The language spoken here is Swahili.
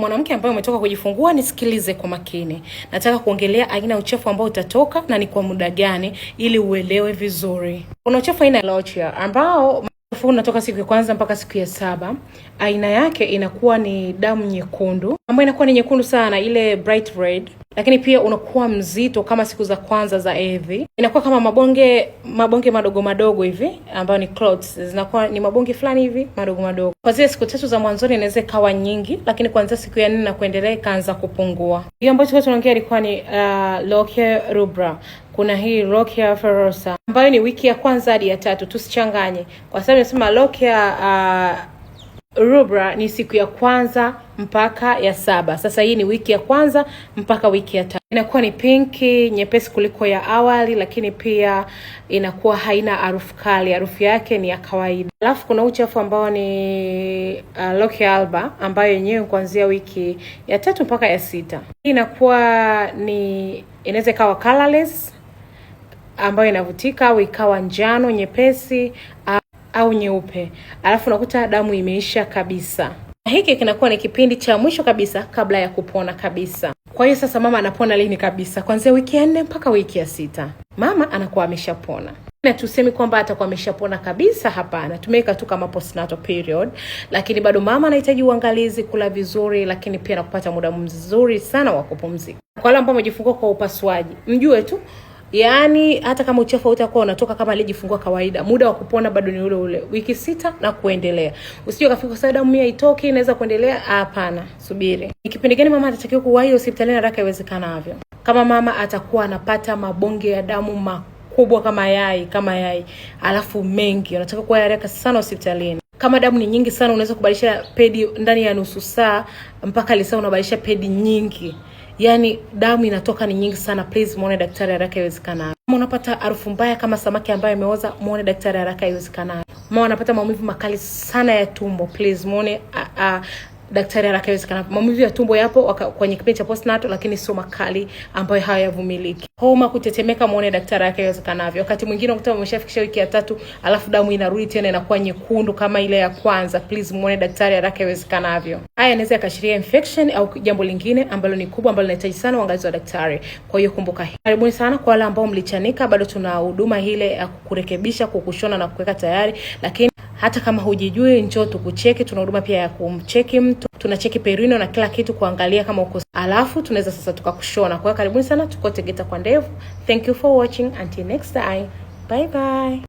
Mwanamke ambaye umetoka kujifungua, nisikilize kwa makini. Nataka kuongelea aina ya uchafu ambao utatoka na ni kwa muda gani, ili uelewe vizuri. Kuna uchafu aina ya Lochia ambao uchafu unatoka siku ya kwanza mpaka siku ya saba. Aina yake inakuwa ni damu nyekundu ambayo inakuwa ni nyekundu sana, ile bright red lakini pia unakuwa mzito kama siku za kwanza za hedhi, inakuwa kama mabonge mabonge madogo madogo hivi ambayo ni clots, zinakuwa ni mabonge fulani hivi madogo madogo. Kwa zile siku tatu za mwanzoni inaweza ikawa nyingi, lakini kuanzia siku ya nne na kuendelea ikaanza kupungua. Hiyo ambayo tulikuwa tunaongea ilikuwa ni uh, loke rubra kuna hii Lochia ferosa ambayo ni wiki ya kwanza hadi ya tatu, tusichanganye kwa sababu nimesema lokia uh, Rubra ni siku ya kwanza mpaka ya saba. Sasa hii ni wiki ya kwanza mpaka wiki ya tatu. Inakuwa ni pinki nyepesi kuliko ya awali, lakini pia inakuwa haina harufu kali, harufu yake ni ya kawaida. Alafu kuna uchafu ambao ni uh, Loki Alba ambayo yenyewe kuanzia wiki ya tatu mpaka ya sita. Hii inakuwa ni inaweza ikawa colorless ambayo inavutika au ikawa njano nyepesi uh, au nyeupe, alafu unakuta damu imeisha kabisa. Hiki kinakuwa ni kipindi cha mwisho kabisa kabla ya kupona kabisa. Kwa hiyo sasa mama anapona lini kabisa, kuanzia wiki ya nne mpaka wiki ya sita mama anakuwa ameshapona na tusemi kwamba atakuwa ameshapona kabisa, hapana. Tumeweka tu kama postnatal period, lakini bado mama anahitaji uangalizi, kula vizuri, lakini pia na kupata muda mzuri sana wa kupumzika. Kwa wale ambao wamejifungua kwa upasuaji, mjue tu Yaani hata kama uchafu utakuwa unatoka kama alijifungua kawaida, muda wa kupona bado ni ule ule, wiki sita na kuendelea. Usije ukafika sasa, damu mia itoki inaweza kuendelea. Hapana, subiri. Ni kipindi gani mama atatakiwa kuwahi hospitalini haraka iwezekanavyo? Kama mama atakuwa anapata mabonge ya damu makubwa kama yai kama yai, alafu mengi, anataka kuwahi haraka sana hospitalini. Kama damu ni nyingi sana, unaweza kubadilisha pedi ndani ya nusu saa mpaka lisaa, unabadilisha pedi nyingi. Yani damu inatoka ni nyingi sana, please muone daktari haraka iwezekanavyo. Kama unapata harufu mbaya kama samaki ambayo imeoza, muone daktari haraka iwezekanavyo. Mama anapata maumivu makali sana ya tumbo, please muone daktari haraka iwezekanavyo. Maumivu ya tumbo yapo waka, kwenye kipindi cha postnatal, lakini sio makali ambayo hayavumiliki. Homa, kutetemeka, muone daktari haraka iwezekanavyo. Wakati mwingine ukuta umeshafikisha wiki ya tatu, alafu damu inarudi tena inakuwa nyekundu kama ile ya kwanza, please muone daktari haraka iwezekanavyo. Haya inaweza yakashiria infection au jambo lingine ambalo ni kubwa ambalo linahitaji sana uangalizi wa daktari. Kwa hiyo kumbuka hii. Karibuni sana kwa wale ambao mlichanika, bado tuna huduma ile ya kurekebisha kukushona na kuweka tayari, lakini hata kama hujijui, njoo tukucheki. Tuna huduma pia ya kumcheki mtu, tunacheki perino na kila kitu, kuangalia kama uko alafu, tunaweza sasa tukakushona. Kwa hiyo karibuni sana, tuko Tegeta kwa ndevu. Thank you for watching, until next time, bye bye.